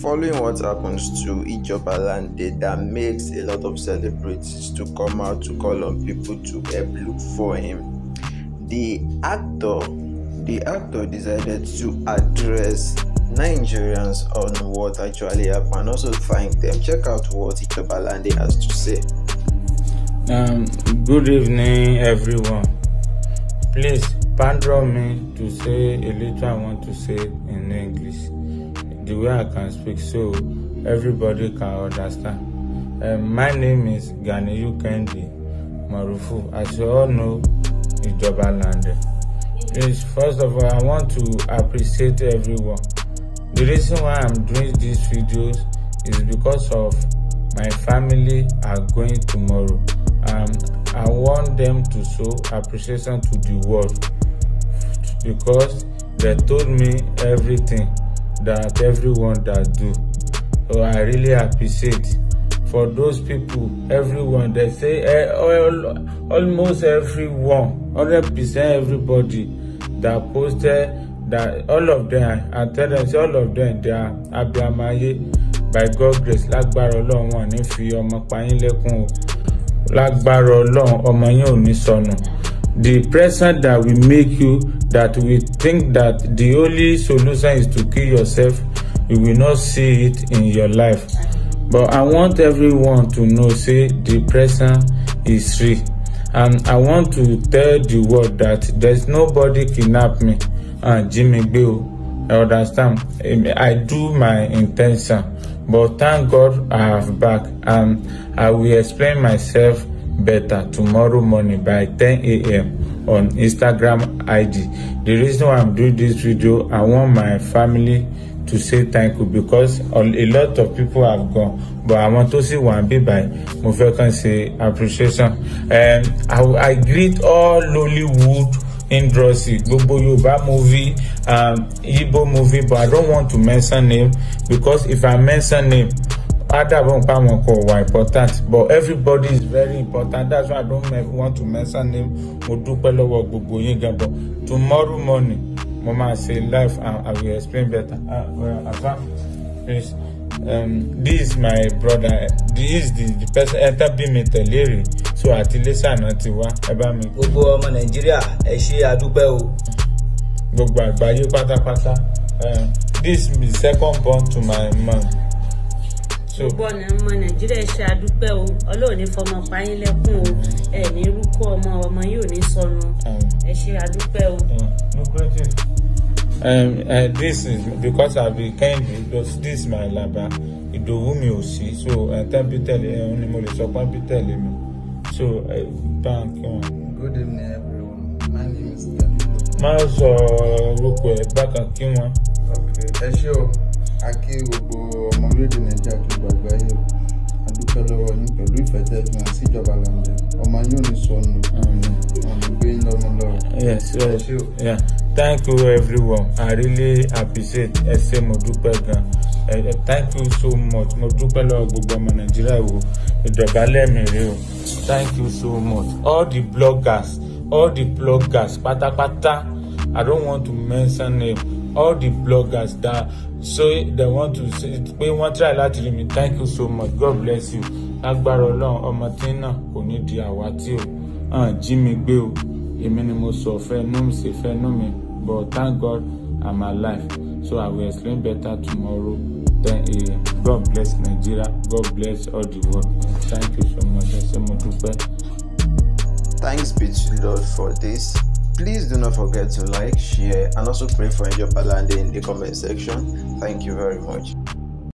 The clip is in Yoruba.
Following what happens to Ijoba Lande that makes a lot of celebrities to come out to call on people to help look for him, the actor the actor decided to address Nigerians on what actually happened and also thank them. Check out what Ijoba Lande has to say. Um, good evening, everyone. Please pardon me to say a little I want to say in English. the way I can speak so everybody can understand. Um, my name is Ganiyu Kendi Marufu. As you all know, Ijoba Lande. Please, first of all, I want to appreciate everyone. The reason why I'm doing these videos is because of my family are going tomorrow. Um, I want them to show appreciation to the world because they told me everything that everyone that do. So I really appreciate for those people, everyone, they say eh, all, almost everyone, 100% everybody that posted that all of them, I tell them, say all of them, they are Abiamaye by God grace lágbára ọlọ́run wọn ní fi ọmọ payín lẹ́kùn o lágbára ọlọ́run ọmọ yín ò ní sọnù the present that will make you that we think that the only solution is to kill yourself you will not see it in your life but i want everyone to know say depression is free, and i want to tell the world that there's nobody kidnap me and jimmy Bill, i understand i do my intention but thank god i have back and i will explain myself better tomorrow morning by 10 a.m on Instagram ID. The reason why I'm doing this video, I want my family to say thank you because a lot of people have gone but I want to sì one níbí bye. mo fẹ́ kàn say appreciation um, I, I greet all Nollywood industry gbogbo Yorùbá movie um, Igbo movie but I don't want to mention name because if I mention name Matter won't come on call were important, but everybody is very important. That's why I don't want to mention name. Mo dúpẹ́ lọ́wọ́ gbogbo yín gan, tomorrow morning, mo máa ṣe live and I will explain better. Ah, well, please. Um, this is my brother. This is the, the person enter bí mi tẹ̀lé So ati Iléṣà náà ti wa Ẹ bá mi. Gbogbo ọmọ Nàìjíríà, ẹ ṣé àdúpẹ́ o. Gbogbo àgbáyé pátápátá. Um, this is the second born to my mom mo gbọ́ ní ọmọ nàìjíríà ṣe àdúpẹ́ o ọlọ́run ní fọmọ payín lẹ́kùn o ẹ̀ ní rúkọ ọmọ ọmọ yìí ò ní sọnù ẹ ṣe àdúpẹ́ o. Um, uh, this is because I've been kind because this is my laba Ìdòwú mi ò sí so uh, tán bí tẹ̀lé ẹ̀hún ni mo lè sọ pọ́n bí tẹ̀lé mi so bank uh, wọn. Good evening everyone my name is Tẹ̀lé. Má sọ orúkọ ẹ̀ bákan kí wọ́n. Okay ẹ ṣé o akí gbogbo ọmọ orílẹ̀-èdè nàìjíríà tó gbàgbé ayé adúpẹ́ lọ́wọ́ yín pẹ̀lú ìfẹ́ tẹ́sán àti ìjọba làǹdẹ̀ ọmọ yóò ní sọnù ọ̀dùnkún yín lọ́mọ lọ́wọ́. yes yeah. thank you everyone i really appreciate ẹ ṣé mo dúpẹ́ gan thank you so much mo dúpẹ́ lọ́wọ́ gbogbo ọmọ nàìjíríà wo ìjọba lẹ́mìírí o thank you so much all the bloggers all the bloggers pátápátá i don't want to mention name all the bloggers that so they want to say pé wọ́n try láti rí me. thank you so much god bless you lágbára ọlọ́run ọmọ tí náà kò ní di àwátì o hàn jí mi gbé o èmi ni mo sọ fẹ́ nú mi ṣe fẹ́ nú mi but thank god i'm alive so i will explain better tomorrow ten a.m. Eh, god bless nigeria god bless all the world thank you so much I say mo dúpẹ́. thanks be to lord for this. Please do not forget to like, share, and also pray for Angel Palande in the comment section. Thank you very much.